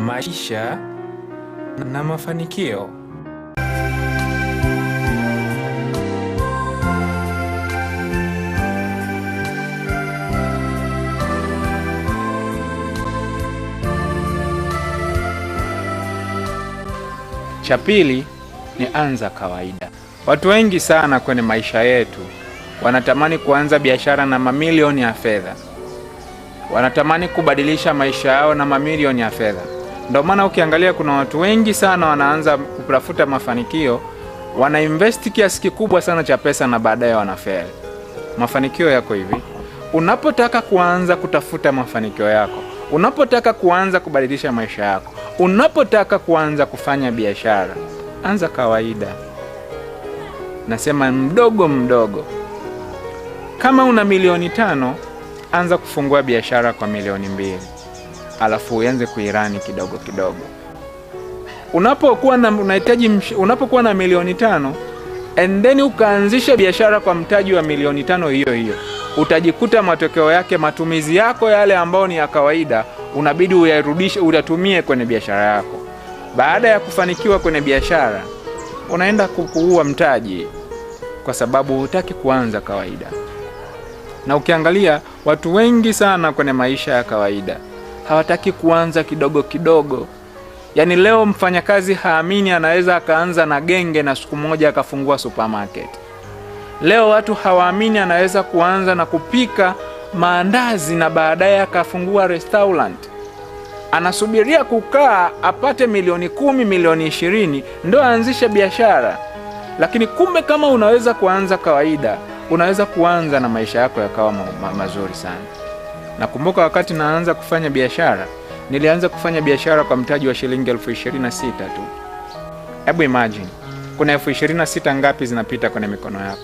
maisha na mafanikio. Cha pili ni anza kawaida. Watu wengi sana kwenye maisha yetu wanatamani kuanza biashara na mamilioni ya fedha, wanatamani kubadilisha maisha yao na mamilioni ya fedha ndio maana ukiangalia kuna watu wengi sana wanaanza kutafuta mafanikio, wana invest kiasi kikubwa sana cha pesa na baadaye wanafeli. Mafanikio yako hivi, unapotaka kuanza kutafuta mafanikio yako, unapotaka kuanza kubadilisha maisha yako, unapotaka kuanza kufanya biashara, anza kawaida. Nasema mdogo mdogo. Kama una milioni tano, anza kufungua biashara kwa milioni mbili alafu uanze kuirani kidogo kidogo. Unapokuwa na unahitaji, unapokuwa na milioni tano and then ukaanzisha biashara kwa mtaji wa milioni tano hiyo hiyo, utajikuta matokeo yake, matumizi yako yale ambayo ni ya kawaida, unabidi uyarudishe, uyatumie kwenye biashara yako. Baada ya kufanikiwa kwenye biashara, unaenda kukuua mtaji kwa sababu hutaki kuanza kawaida. Na ukiangalia watu wengi sana kwenye maisha ya kawaida hawataki kuanza kidogo kidogo. Yaani leo mfanyakazi haamini anaweza akaanza na genge na siku moja akafungua supermarket. Leo watu hawaamini anaweza kuanza na kupika maandazi na baadaye akafungua restaurant. Anasubiria kukaa apate milioni kumi, milioni ishirini ndo aanzishe biashara. Lakini kumbe kama unaweza kuanza kawaida, unaweza kuanza na maisha yako yakawa ma ma mazuri sana. Nakumbuka wakati naanza kufanya biashara, nilianza kufanya biashara kwa mtaji wa shilingi elfu ishirini na sita tu. Hebu imagine, kuna elfu ishirini na sita ngapi zinapita kwenye mikono yako?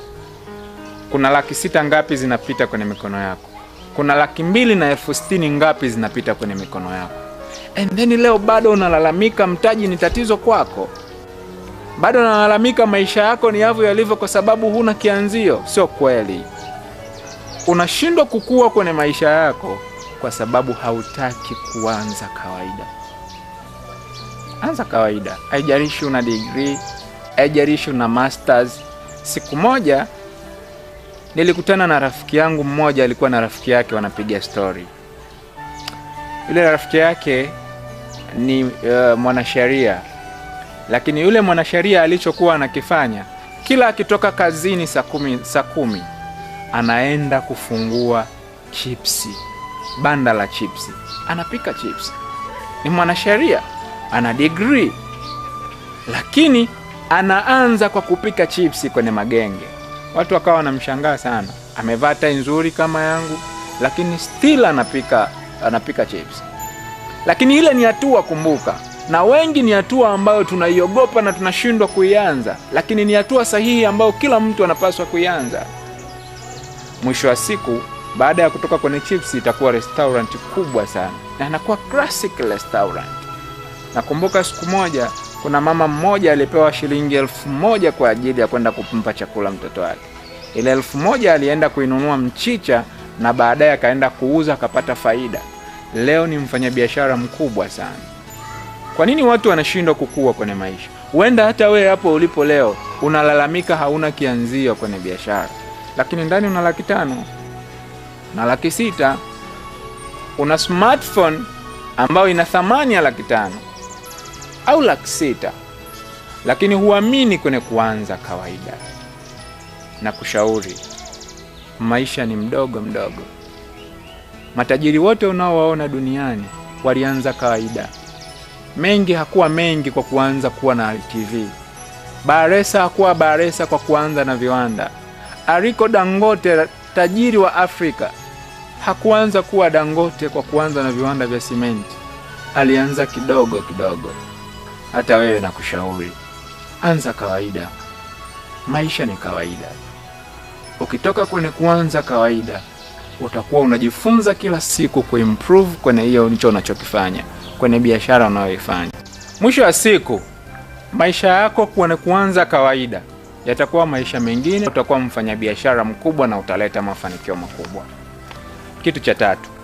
Kuna laki sita ngapi zinapita kwenye mikono yako? Kuna laki mbili na elfu sitini ngapi zinapita kwenye mikono yako? And then leo bado unalalamika mtaji ni tatizo kwako, bado unalalamika maisha yako ni yavyo yalivyo kwa sababu huna kianzio. Sio kweli unashindwa kukua kwenye maisha yako kwa sababu hautaki kuanza kawaida. Anza kawaida, haijalishi una degree, aijarishi una masters. Siku moja nilikutana na rafiki yangu mmoja, alikuwa na rafiki yake wanapiga story. Yule rafiki yake ni uh, mwanasheria, lakini yule mwanasheria alichokuwa anakifanya kila akitoka kazini saa kumi saa kumi anaenda kufungua chipsi, banda la chipsi, anapika chipsi, ni mwanasheria, ana degree, lakini anaanza kwa kupika chipsi kwenye magenge. Watu wakawa wanamshangaa sana, amevaa tai nzuri kama yangu, lakini still anapika, anapika chips Lakini ile ni hatua, kumbuka, na wengi ni hatua ambayo tunaiogopa na tunashindwa kuianza, lakini ni hatua sahihi ambayo kila mtu anapaswa kuianza. Mwisho wa siku, baada ya kutoka kwenye chips, itakuwa restaurant kubwa sana na inakuwa classic restaurant. Nakumbuka siku moja kuna mama mmoja alipewa shilingi elfu moja kwa ajili ya kwenda kumpa chakula mtoto wake. Ile elfu moja alienda kuinunua mchicha na baadaye akaenda kuuza akapata faida. Leo ni mfanyabiashara mkubwa sana. Kwa nini watu wanashindwa kukua kwenye maisha? Huenda hata wewe hapo ulipo leo unalalamika hauna kianzio kwenye biashara lakini ndani una laki tano na laki sita. Una smartphone ambayo ina thamani ya laki tano au laki sita, lakini huamini kwenye kuanza kawaida. Na kushauri maisha ni mdogo mdogo. Matajiri wote unaowaona duniani walianza kawaida. Mengi hakuwa mengi kwa kuanza kuwa na TV. Baresa hakuwa baresa kwa kuanza na viwanda. Aliko Dangote, tajiri wa Afrika, hakuanza kuwa Dangote kwa kuanza na viwanda vya simenti. Alianza kidogo kidogo. Hata wewe nakushauri, anza kawaida. Maisha ni kawaida. Ukitoka kwenye kuanza kawaida, utakuwa unajifunza kila siku kuimprove kwenye hiyo nicho unachokifanya, kwenye biashara unayoifanya. Mwisho wa siku, maisha yako kwenye kuanza kawaida yatakuwa maisha mengine, utakuwa mfanyabiashara mkubwa na utaleta mafanikio makubwa. Kitu cha tatu